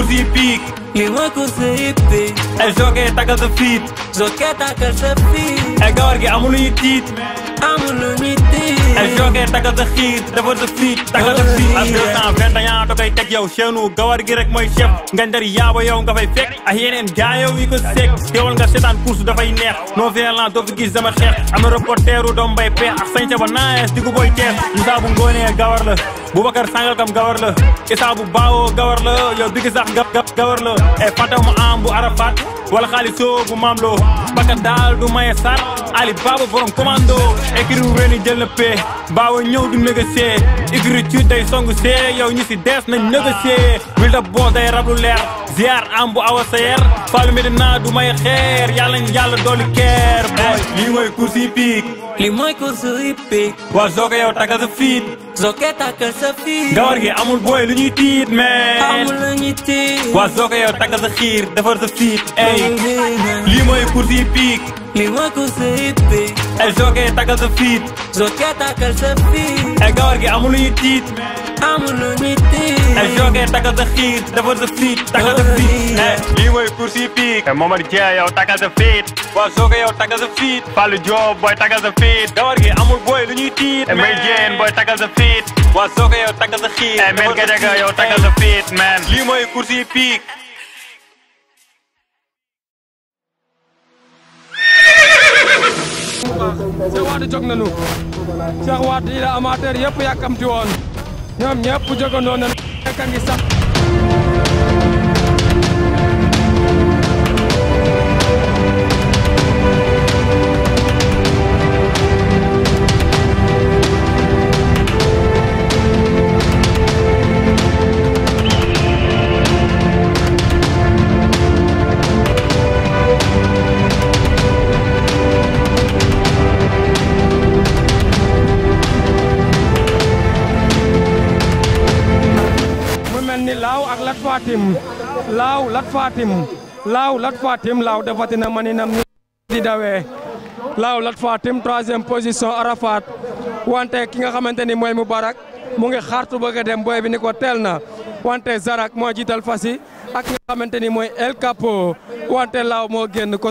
e pique Lima Língua e pique A joga é taca da fit Joga é taca da fit Agora que é amo no tite amul lu muy tiit ay joge dagal sa xiir defar sa fiit dagal sa fiit ak deux cent vingt et un da koy teg yow seenu gawar gi rek mooy chef nga ndar yaaba yow nga fay fekk ak yeneen gaa yow yi ko seek teewal nga seetaan course dafay neex non violence doo fi gis dama xeex am na reporteru doom bay peex ak sañca ba naaes di ko booy teex Moussa bu ngoonee gawar la Boubacar sàngal kam gawar la Issa bu baawoo gawar la yow bigi sax gawar la e eh, fataw mu am bu Arafat wala xaalis soo bu maam loo bakka daal du maye sar Ali Baba borom commando écrit wu ren jël na pee baawa ñëw du négocier écrit ci day songu see yow ñu si dees na négocier wil da boo day rablu leer ziar am bu awa sayer fallu Medina du may xeer yàlla ñu yàlla keer boy lii mooy course hippique li mooy course hippique. waa Zoka yow e takka sa fiit. Zoka e takka sa fiit. gawar gi amul booy lu ñuy tiit mais. amul lu ñuy tiit. waa Zoka yow e takka sa xiir defar sa fiit. ey lii mooy course hippique. Língua com سيدي الجوكة يتاكل زفيت جوكة يتاكل زفيت اجارجي عملوا يتيت عملوا يتيت الجوكة يتاكل زخيت دفور زفيت تاكل زفيت ليوا كرسي بيك ماما رجاية وتاكل زفيت والجوكة يتاكل زفيت فالو جوب بوي تاكل زفيت جارجي عمل بوي لو يتيت ميجين بوي تاكل زفيت والجوكة يتاكل زخيت امين كده يتاكل زفيت مان ليوا كرسي بيك allah Cheikh Wade jóg nañu Cheikh Wade yi la amateur yëpp yàkkamti woon ñoom ñëpp jógandoo nañu nekk ngi sax fatim laaw lat fatim laaw lat fatim laaw defatina ma ni di dawee laaw lat fatim troisième position Arafat wante ki nga xamante ni mooy Mubarak mu ngi xartu bëgg a dem booy bi ni ko teel na wante Zarak moo jiital fasi ak nga xamante ni mooy El Capo wante laaw moo génn ko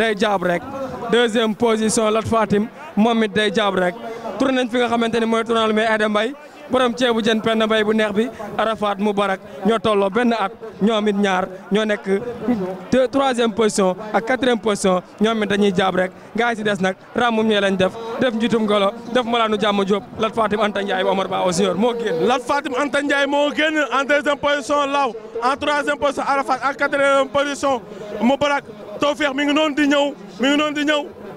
day jaab rek deuxième position Lat Fatim moom it day jaab rek tourné fi nga xamante ni mooy tournal mais Aida Mbaye borom Arafat Moubarak ño tolo troisième position ak quatrième position nous sommes dañuy jaab rek gaa yi dess nak nag ràmmum lañ def def njitum golo def Lat Fatim Anta en deuxième position Law en troisième position Arafat en quatrième position Moubarak Tout mi ngi non di mi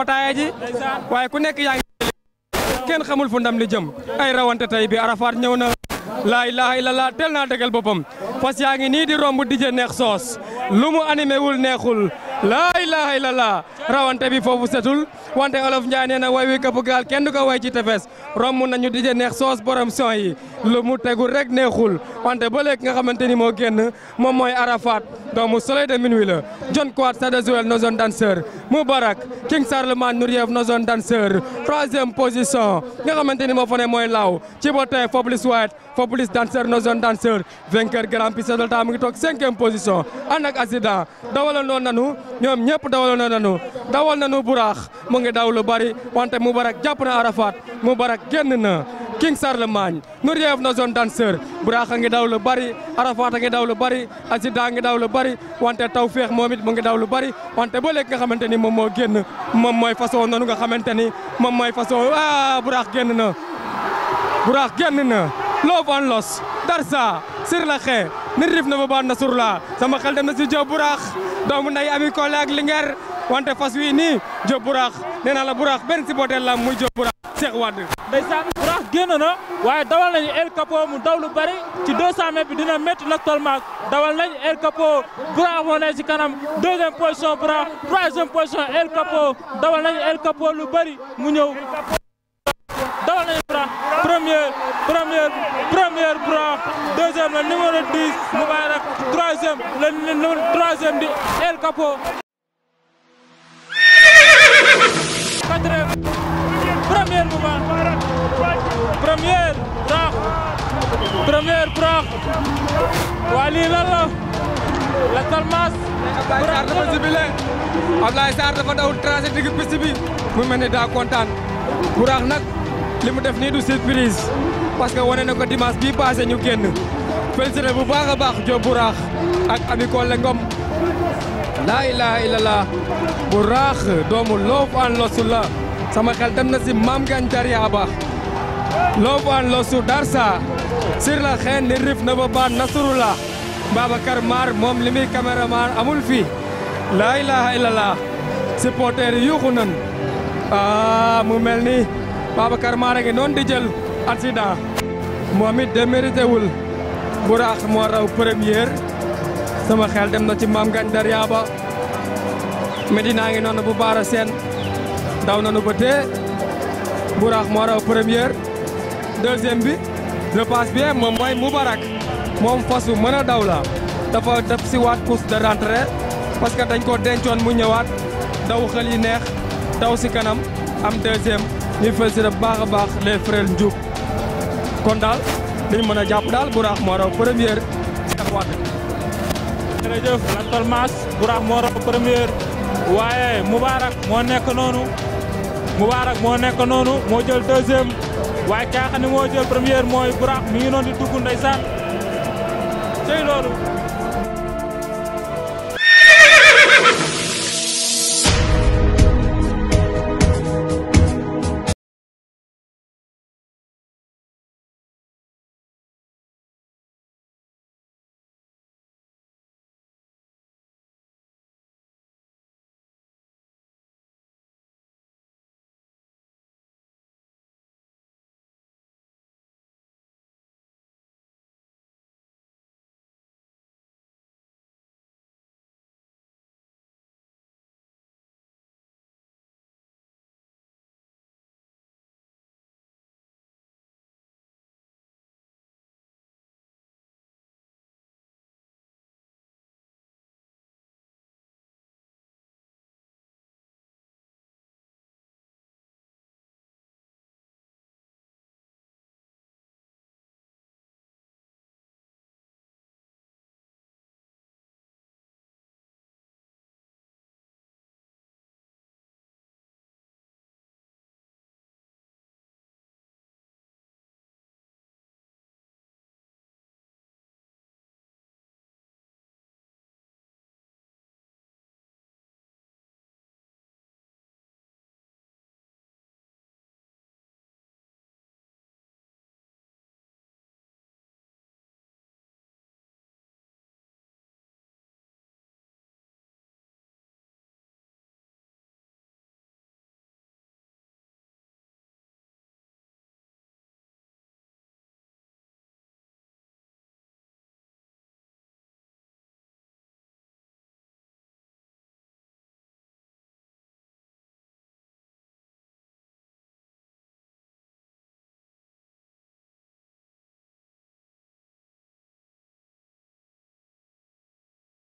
fataaya waaye ku nekk yaa ngi kenn xamul fu ndam li jëm ay rawante tey bi Arafat ñëw na laa ilaha illallah tel naa dëggal boppam fas yaa ngi nii di romb dije neex soos lu mu animé wul neexul laa ilaha illallah rawante bi foofu setul wante olof Ndiaye nee na way wi këpp gaal kenn du ko way ci tefes romb nañu dije neex soos borom son yi lu mu tegul rek neexul wante ba léegi nga xamante ni moo génn moom mooy Arafat doomu soleil de minuit la John Kwat Sadezuel nos zones danseurs Moubarak King Sarleman Nouriev nos zones danseurs troisième position nga xamante ni moo fa ne mooy Law ci botin Foblis White Foblis danseur nos zones danseurs vainqueur grand prix ngi toog cinquième position ànd ak accident dawaloon nanu ñoom ñëpp dawaloon nanu dawal nañu buraax mu ngi daw lu bari wante Moubarak jàpp na Arafat Moubarak génn na King Charlemagne nu réew na zone danseur buraax a ngi daw lu bari Arafat a ngi daw lu bari Azida a ngi daw lu bari wante Tawfeex moom it mu ngi daw lu bari wante ba nga xamante ni moom moo génn moom mooy façon noonu nga xamante ni moom mooy façon ah buraax génn na buraax génn na loof an los darsa sir la xee nit rif na ba baan na la sama xel dem na si wante fas wi nii Diop Bourax nee naa la Bourax benn si booteel la muy Diop Bourax Cheikh Wade. ndeysaan Bourax génn na waaye dawal nañu El Capo mu daw lu bëri ci 200 mètres bi dina métti nag actuellement dawal nañu El Capo Bourax moo nekk ci kanam deuxième position Bourax troisième position El Capo dawal nañu El Capo lu bëri mu ñëw. dawal nañu Bourax premier premier premier Bourax deuxième la numéro 10 mu rek troisième la troisième di El Кадыров. Премьер була. Премьер, брах. Премьер, брах. Вали Лалов. Латалмас. Ablaye Sarr dafa jubilé Ablaye Sarr dafa bi mu mel ne daa kontaan Burax nag li mu def nii du surprise parce que wane na ko dimanche bii passé ñu génn laa ilaha illallah bu raax doomu loofu an losu la sama xel dem na si maam gan jariya ba loofu losu darsa sur la ni rif na ba baan nasrullah Babacar Mar moom li muy caméraman amul fii laa ilaha illallah supporter yi yuuxu ah, mu mel ni Babacar Mar a ngi noonu di jël accident moom it démérité wul bu raax moo raw première sama xel dem na ci maam Ngagne Darya ba Medina ngi noonu bu baara seen daw nañu ba tee Bourax moo raw première deuxième bi repasse bi moom mooy Moubarak moom fasu mën a daw la dafa def si waat course de rentrée parce que dañ koo dencoon mu ñëwaat daw xel yi neex daw si kanam am deuxième ñu félicité bu baax a baax les frères Ndiouf kon daal dañ mën a jàpp daal Bourax moo raw première tax waat jërëjëf Lat Palmas Burak moo rob première waaye Moubarak moo nekk noonu Moubarak moo nekk noonu moo jël deuxième waaye kaaxani moo jël première mooy Burak mi ngi noonu di dugg ndeysaan cey